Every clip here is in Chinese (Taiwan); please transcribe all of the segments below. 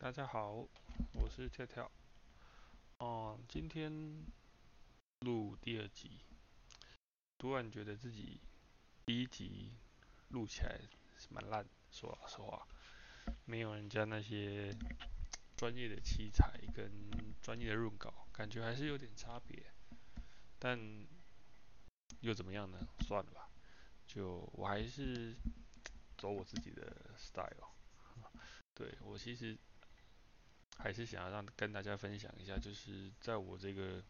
大家好，我是跳跳。哦、嗯，今天錄第二集，突然覺得自己第一集錄起來蠻爛，說老實話，沒有人家那些專業的器材跟專業的潤稿，感覺還是有點差別。但又怎麼樣呢？算了吧，就我還是走我自己的 style。 對，我其實。還是想要讓跟大家分享一下，就是在我這個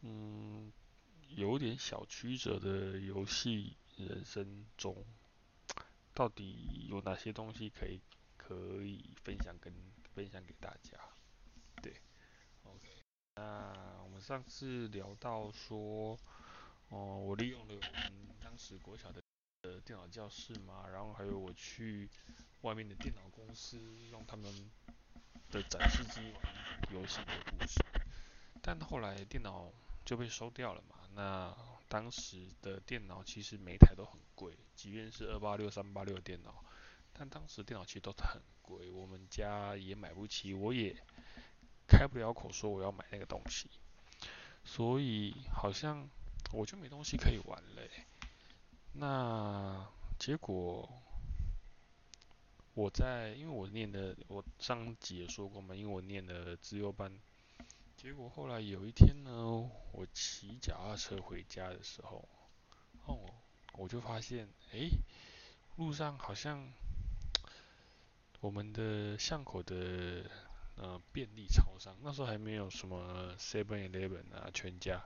嗯有點小曲折的遊戲人生中，到底有哪些東西可以可以分享跟分享給大家？對，OK，那我們上次聊到說，哦、呃，我利用了我們當時國小的電腦教室嘛，然後還有我去外面的電腦公司，讓他們。的展示機遊戲的故事，但後來電腦就被收掉了嘛。那當時的電腦其實每台都很貴，即便是二八六、三八六的電腦，但當時電腦其實都很貴，我們家也買不起，我也開不了口說我要買那個東西，所以好像我就沒東西可以玩嘞、欸。那結果。我在，因為我念的，我上集也說過嘛，因為我念的資優班，結果後來有一天呢，我騎腳踏車回家的時候，哦，我就發現，哎、欸，路上好像我們的巷口的呃便利超商，那時候還沒有什麼 Seven Eleven 啊、全家，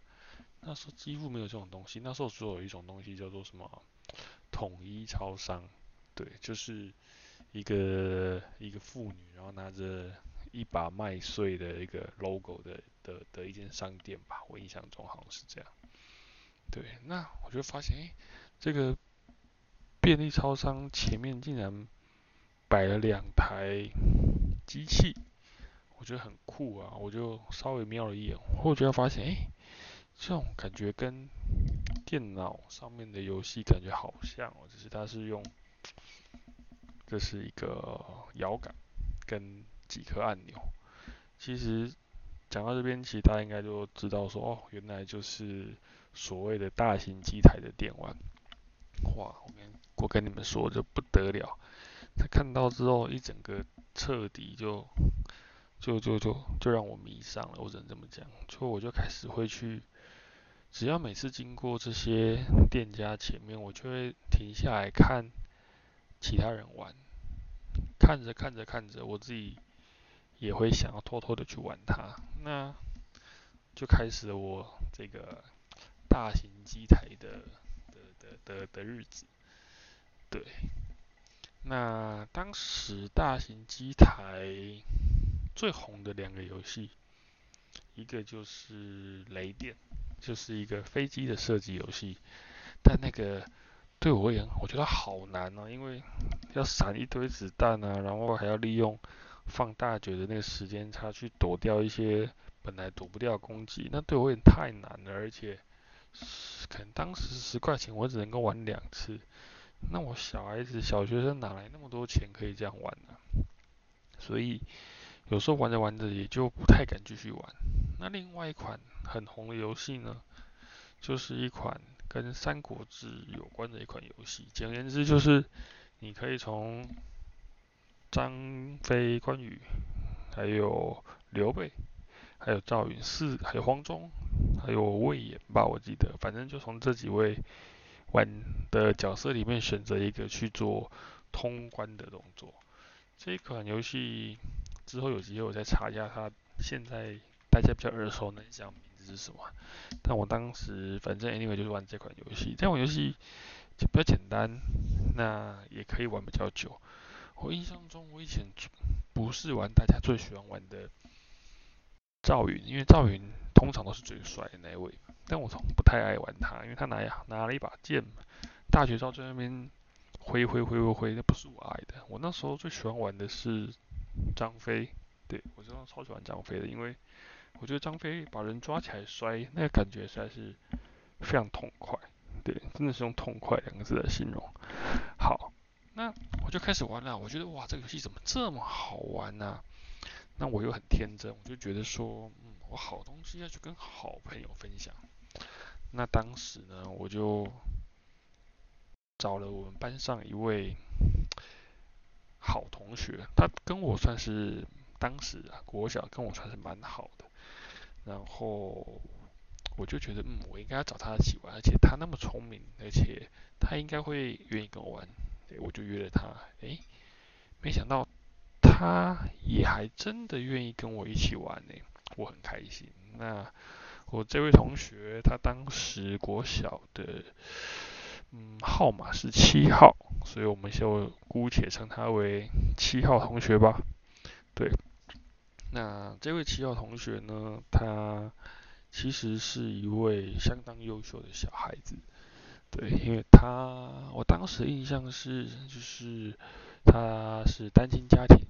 那時候幾乎沒有這種東西，那時候只有一種東西叫做什麼統一超商，對，就是。一個一個婦女，然後拿着一把麥穗的一個 logo 的的的，的一間商店吧，我印象中好像是這樣。對，那我就發現，誒，這個便利超商前面竟然擺了兩台機器，我覺得很酷啊！我就稍微瞄了一眼，我就得發現，誒，這種感覺跟電腦上面的遊戲感覺好像哦，只是它是用。這是一個搖桿跟幾顆按鈕。其實講到這邊，其實大家應該就知道說，哦，原來就是所謂的大型機台的電玩。哇，我跟我跟你們說，就不得了。他看到之後，一整個徹底就就就就就就讓我迷上了。我只能這麼講，就我就開始會去，只要每次經過這些店家前面，我就會停下來看。其他人玩，看着看着看着，我自己也會想要偷偷的去玩它，那就開始了我這個大型機台的的的的的的日子。對，那當時大型機台最紅的兩個遊戲，一個就是雷電，就是一個飛機的射擊遊戲，但那個。對我而言，我覺得好難啊，因為要閃一堆子彈啊，然後還要利用放大絕的那個時間差去躲掉一些本來躲不掉的攻擊，那對我也太難了。而且，可能當時十塊錢我只能夠玩兩次，那我小孩子小學生哪來那麼多錢可以這樣玩呢、啊？所以有時候玩着玩着也就不太敢繼續玩。那另外一款很紅的遊戲呢，就是一款。跟《三國志》有關的一款遊戲，簡而言之就是，你可以從張飛、關羽，還有劉備，還有趙雲，四，還有黃忠，還有魏延吧，我記得，反正就從這幾位玩的角色裡面選擇一個去做通關的動作。這一款遊戲之後有機會我再查一下，它現在大家比較耳熟能詳。是什麼？但我當時反正 anyway 就是玩這款遊戲，這款遊戲就比較簡單，那也可以玩比較久。我印象中我以前不是玩大家最喜歡玩的趙雲，因為趙雲通常都是最帥的那一位，但我從不太愛玩他，因為他拿呀拿了一把劍嘛，大絕招在那邊揮揮揮揮揮，那不是我愛的。我那時候最喜歡玩的是張飛，對，我真的超喜歡張飛的，因為。我覺得張飛把人抓起來摔，那個感覺實在是非常痛快，對，真的是用“痛快”兩個字來形容。好，那我就開始玩了。我覺得哇，這個遊戲怎麼這麼好玩呢啊？那我又很天真，我就覺得說，嗯，我好東西要去跟好朋友分享。那當時呢，我就找了我們班上一位好同學，他跟我算是。當時啊，國小跟我算是蠻好的，然後我就覺得，嗯，我應該要找他一起玩，而且他那麼聰明，而且他應該會願意跟我玩，對，我就約了他。哎、欸，沒想到他也還真的願意跟我一起玩呢、欸，我很開心。那我這位同學，他當時國小的，嗯，號碼是七號，所以我們就姑且稱他為七號同學吧。對，那這位七號同學呢，他其實是一位相當優秀的小孩子。對，因為他我當時印象是，就是他是單親家庭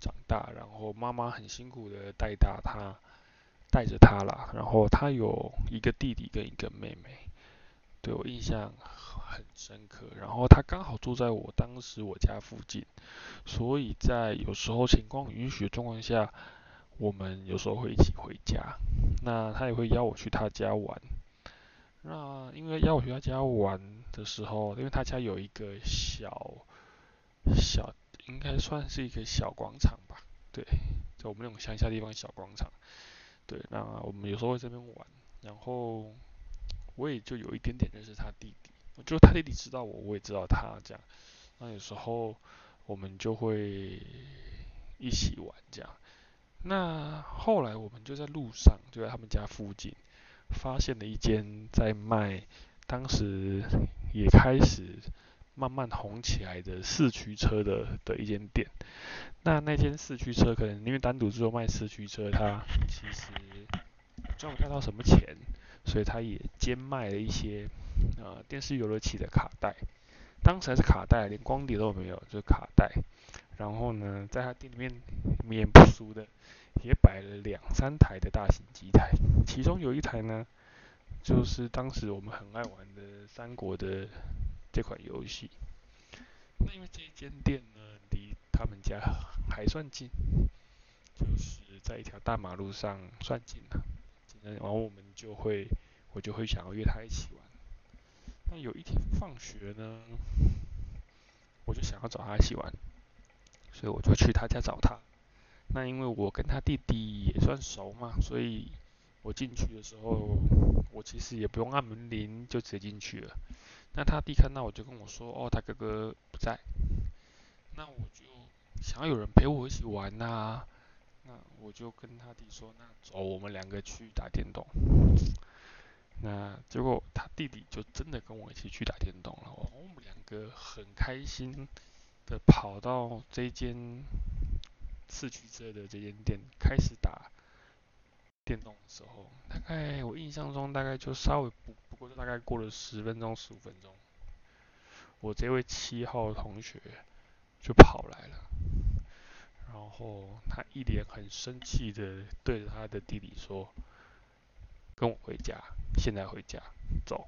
長大，然後媽媽很辛苦的帶大他，帶着他啦，然後他有一個弟弟跟一個妹妹。對我印象很深刻，然後他剛好住在我當時我家附近，所以在有時候情況允許的狀況下，我們有時候會一起回家，那他也會邀我去他家玩。那因為邀我去他家玩的時候，因為他家有一個小小應該算是一個小廣場吧，對，在我們那種鄉下地方小廣場，對，那我們有時候會在這邊玩，然後。我也就有一點點認識他弟弟，就是他弟弟知道我，我也知道他這樣。那有時候我們就會一起玩這樣。那後來我們就在路上，就在他們家附近，發現了一間在賣當時也開始慢慢紅起來的四驅車的的一間店。那那間四驅車可能因為單獨只有賣四驅車，它其實賺不到什麼錢。所以他也兼賣了一些，呃，電視遊樂器的卡帶，當時還是卡帶，連光碟都沒有，就是卡帶。然後呢，在他店裡面，免不俗的也擺了兩三台的大型機台，其中有一台呢，就是當時我們很愛玩的《三國》的這款遊戲。那因為這一間店呢，離他們家還算近，就是在一條大馬路上算近了。然後我們就會，我就會想要約他一起玩。那有一天放學呢，我就想要找他一起玩，所以我就去他家找他。那因為我跟他弟弟也算熟嘛，所以我進去的時候，我其實也不用按門鈴就直接進去了。那他弟看到我就跟我說：“哦，他哥哥不在。”那我就想要有人陪我一起玩吶、啊。那我就跟他弟說，那走，我們兩個去打電動。那結果他弟弟就真的跟我一起去打電動了。我們兩個很開心的跑到這間四驅車的這間店開始打電動的時候，大概我印象中大概就稍微不不過就大概過了十分鐘十五分鐘，我這位七號同學就跑來了。然後他一臉很生氣的對着他的弟弟說：“跟我回家，現在回家，走。”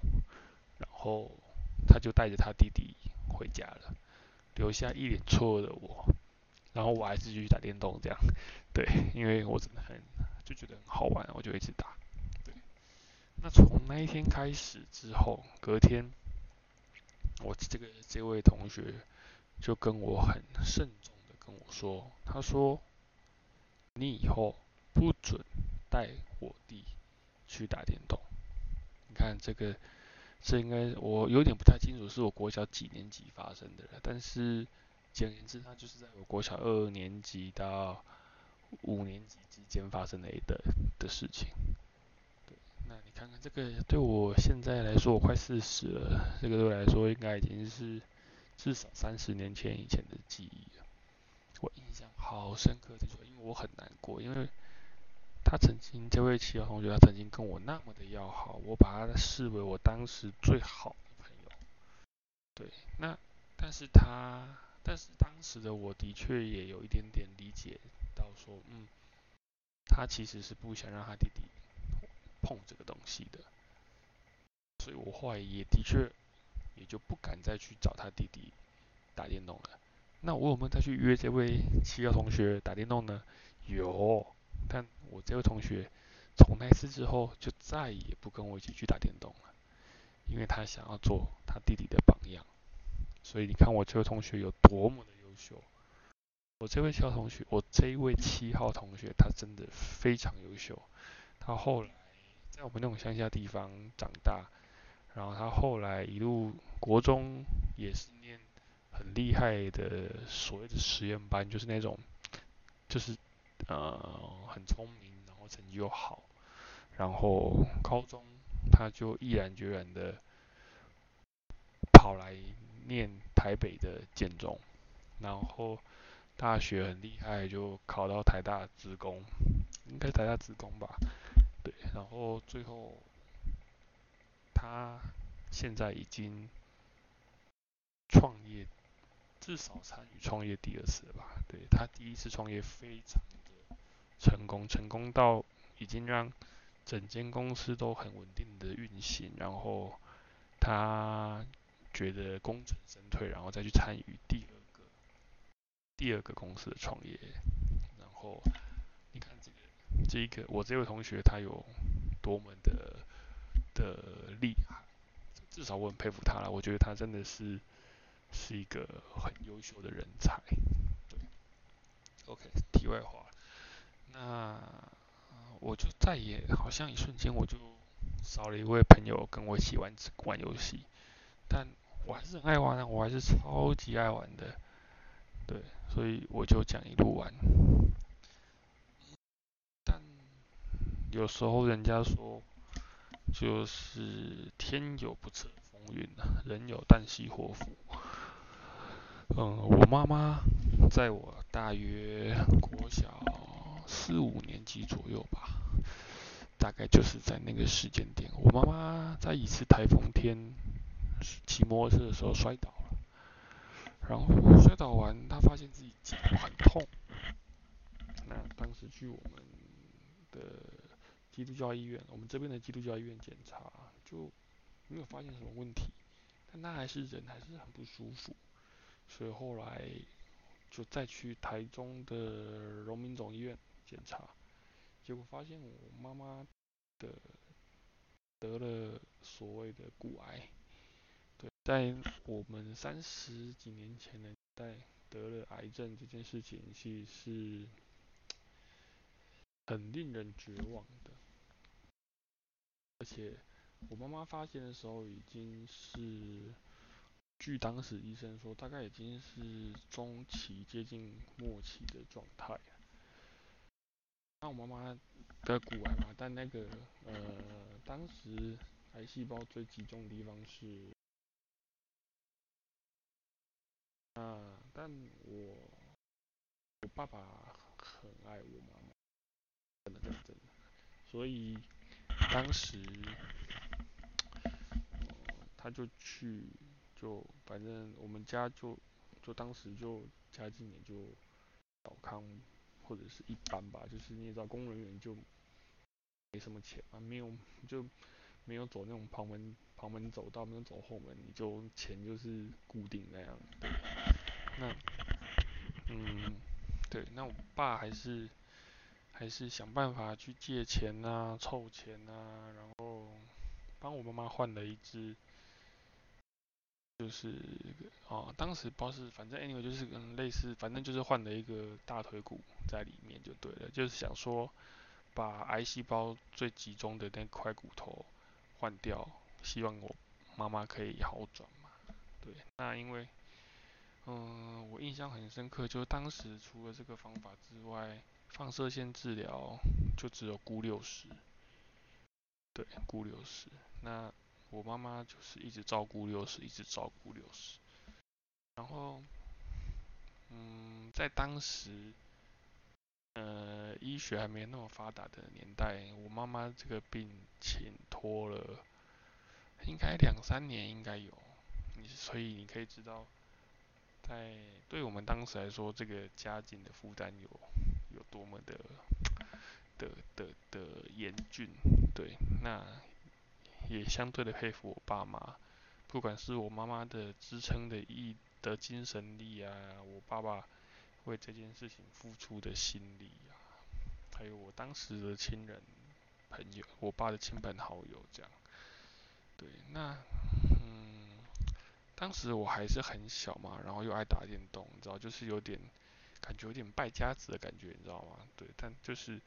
然後他就帶着他弟弟回家了，留下一臉錯愕的我。然後我還是繼續打電動這樣，對，因為我真的很就覺得很好玩，我就一直打。對。那從那一天開始之後，隔天我這個這位同學就跟我很慎重。跟我說，他說：“你以後不准帶我弟去打電動。”你看這個是，這應該我有點不太清楚，是我國小幾年級發生的了，但是簡言之，它就是在我國小二年級到五年級之間發生的的的事情，對。那你看看這個，對我現在來說，我快四十了，這個對我來說應該已經是至少三十年前以前的記憶了。好深刻，因為，我很難過，因為他曾經，這位七號同學，他曾經跟我那麼的要好，我把他視為我當時最好的朋友，對，那，但是他，但是當時的我的確也有一點點理解到說，嗯，他其實是不想讓他弟弟碰，碰這個東西的，所以我後來也的確，也就不敢再去找他弟弟打電動了。那我有沒有再去約這位七號同學打電動呢？有，但我這位同學從那次之後就再也不跟我一起去打電動了，因為他想要做他弟弟的榜樣。所以你看我這位同學有多麼的優秀。我這位七號同學，我這一位七號同學，他真的非常優秀。他後來在我們那種鄉下的地方長大，然後他後來一路國中也是念。很厲害的所謂的實驗班，就是那種，就是，呃，很聰明，然後成績又好，然後高中他就毅然決然的跑來念台北的建中，然後大學很厲害，就考到台大資工，應該台大資工吧，對，然後最後他現在已經創業。至少參與創業第二次了吧。對，他第一次創業非常的成功，成功到已經讓整間公司都很穩定的運行。然後他覺得功成身退，然後再去參與第二個第二個公司的創業。然後你看這個這一個我這位同學他有多麼的的厲害，至少我很佩服他了。我覺得他真的是。是一個很優秀的人才，對。OK，題外話，那我就再也好像一瞬間我就少了一位朋友跟我一起玩玩遊戲，但我還是很愛玩的，我還是超級愛玩的，對。所以我就講一路玩，但有時候人家說就是天有不測風雲啊，人有旦夕禍福。嗯，我媽媽在我大約國小四五年級左右吧，大概就是在那個時間點，我媽媽在一次台風天騎摩托車的時候摔倒了，然後摔倒完，她發現自己腳很痛。那、嗯、當時去我們的基督教醫院，我們這邊的基督教醫院檢查，就沒有發現什麼問題，但她還是人還是很不舒服。所以後來就再去台中的榮民總醫院檢查，結果發現我媽媽的得了所謂的骨癌。對，在我們三十幾年前的年代，得了癌症這件事情其實是很令人絕望的，而且我媽媽發現的時候已經是。據當時醫生說，大概已經是中期接近末期的狀態了。那我媽媽得骨癌嘛，但那個呃，當時癌細胞最集中的地方是啊、呃，但我我爸爸很愛我媽媽，真的真的真的，所以當時、呃、他就去。就反正我們家就就當時就家境也就小康或者是一般吧，就是你也知道工人員就沒什麼錢嘛、啊，沒有就沒有走那種旁門旁門走道，沒有走後門，你就錢就是固定那樣對，那嗯對，那我爸還是還是想辦法去借錢啊，湊錢啊，然後幫我媽媽換了一隻。就是哦，當時不知道是反正，Anyway，、欸、就是、嗯、類似，反正就是換了一個大腿骨在裡面就對了，就是想說把癌細胞最集中的那塊骨頭換掉，希望我媽媽可以好轉嘛。對，那因為嗯，我印象很深刻，就當時除了這個方法之外，放射線治療就只有鈷六十。對，鈷六十。那我媽媽就是一直照顧六十，一直照顧六十，然後，嗯，在當時，呃，醫學還沒那麼發達的年代，我媽媽這個病情拖了，應該兩三年，應該有，你所以你可以知道，在對我們當時來說，這個家境的負擔有有多麼的，的的的嚴峻，對，那。也相對的佩服我爸媽，不管是我媽媽的支撐的毅的精神力啊，我爸爸為這件事情付出的心力啊，還有我當時的親人朋友，我爸的親朋好友這樣，對，那嗯，當時我還是很小嘛，然後又愛打電動，你知道，就是有點感覺有點敗家子的感覺，你知道嗎？對，但就是。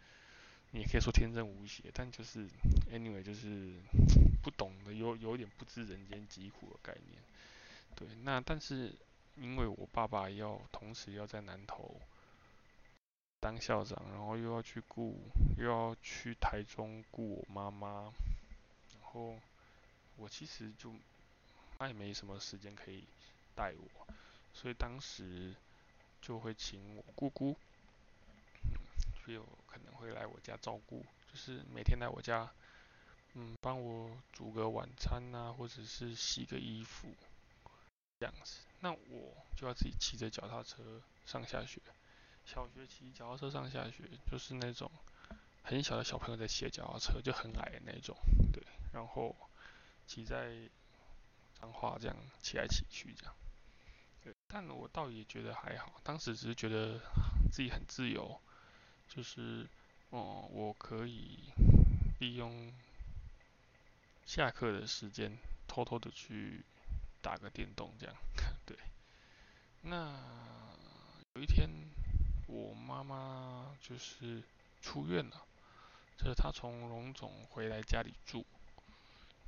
你也可以說天真無邪，但就是，anyway，就是不懂得，有有點不知人間疾苦的概念。對，那但是因為我爸爸要同時要在南投當校長，然後又要去顧，又要去台中顧我媽媽，然後我其實就他也沒什麼時間可以帶我，所以當時就會請我姑姑。有可能會來我家照顧，就是每天來我家，嗯，幫我煮個晚餐吶、啊，或者是洗個衣服，這樣子。那我就要自己騎着腳踏車上下學。小學騎腳踏車上下學，就是那種很小的小朋友在騎腳踏車，就很矮的那種，對。然後騎在彰化，這樣騎來騎去這樣。對，但我倒也覺得還好，當時只是覺得自己很自由。就是哦，我可以利用下課的時間偷偷的去打個電動，這樣對。那有一天，我媽媽就是出院了，就是她從榮總回來家裡住。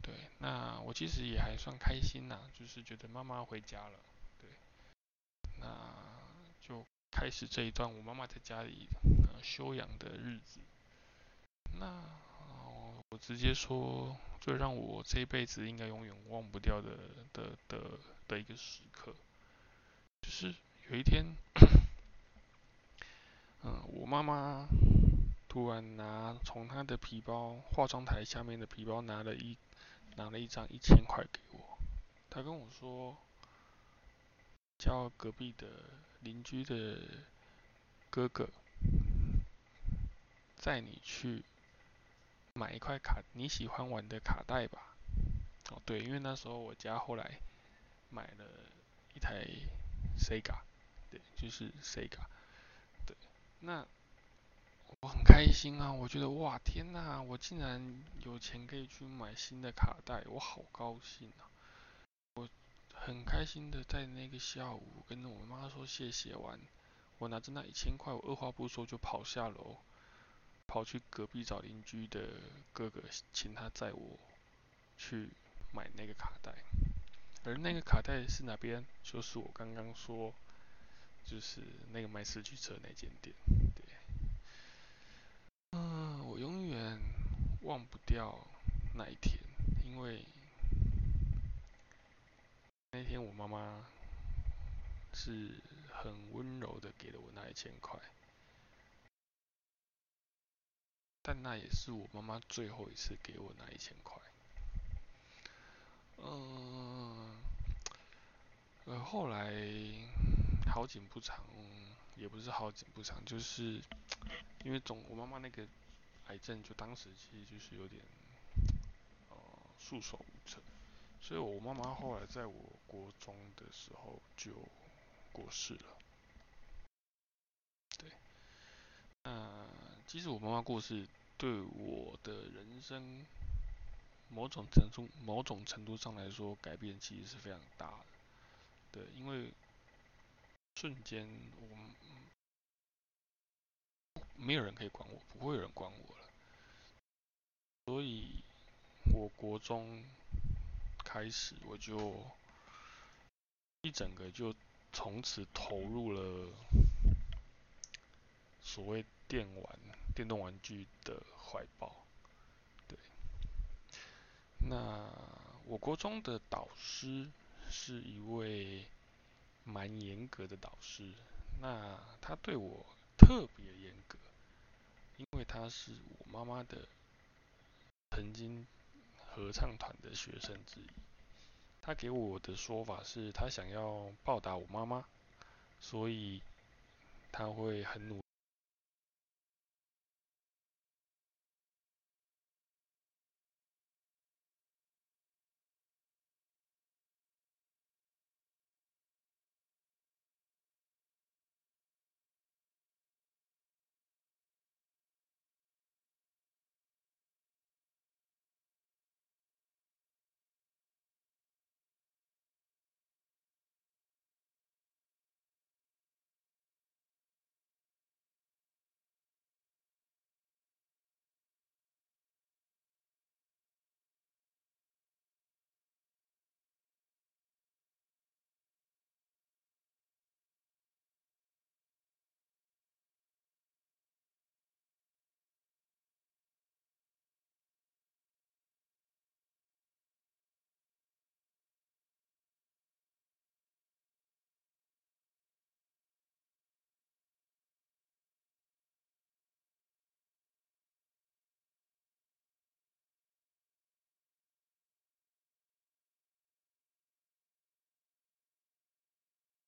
對，那我其實也還算開心呐、啊，就是覺得媽媽回家了。對，那就開始這一段，我媽媽在家裡。修養的日子。那、呃、我直接說，最讓我這一輩子應該永遠忘不掉的的的的一個時刻，就是有一天，嗯、 呃，我媽媽突然拿從她的皮包化妝台下面的皮包拿了一拿了一張一千塊給我，她跟我說，叫隔壁的鄰居的哥哥。帶你去買一塊卡，你喜歡玩的卡帶吧。哦，對，因為那時候我家後來買了一台 Sega，對，就是 Sega，對，那我很開心啊，我覺得哇天哪、啊，我竟然有錢可以去買新的卡帶，我好高興啊！我很開心的在那個下午跟我媽說謝謝完，我拿着那一千塊，我二話不說就跑下樓。跑去隔壁找鄰居的哥哥，請他載我去買那個卡帶，而那個卡帶是哪邊？就是我剛剛說，就是那個賣四驅車那間店。對，呃，我永遠忘不掉那一天，因為那天我媽媽是很溫柔的給了我那一千塊。但那也是我媽媽最後一次給我拿一千塊。嗯，呃，後來好景不長，也不是好景不長，就是因為總我媽媽那個癌症，就當時其實就是有點，呃，束手無策，所以我媽媽後來在我國中的時候就過世了。對，那。其實我媽媽過世對我的人生某種程度某種程度上來說改變其實是非常大的，對，因為瞬間我沒有人可以管我，不會有人管我了，所以我國中開始我就一整個就從此投入了所謂。電玩、電動玩具的懷抱，對。那我國中的導師是一位蠻嚴格的導師，那他對我特別嚴格，因為他是我媽媽的曾經合唱團的學生之一。他給我的說法是他想要報答我媽媽，所以他會很努力。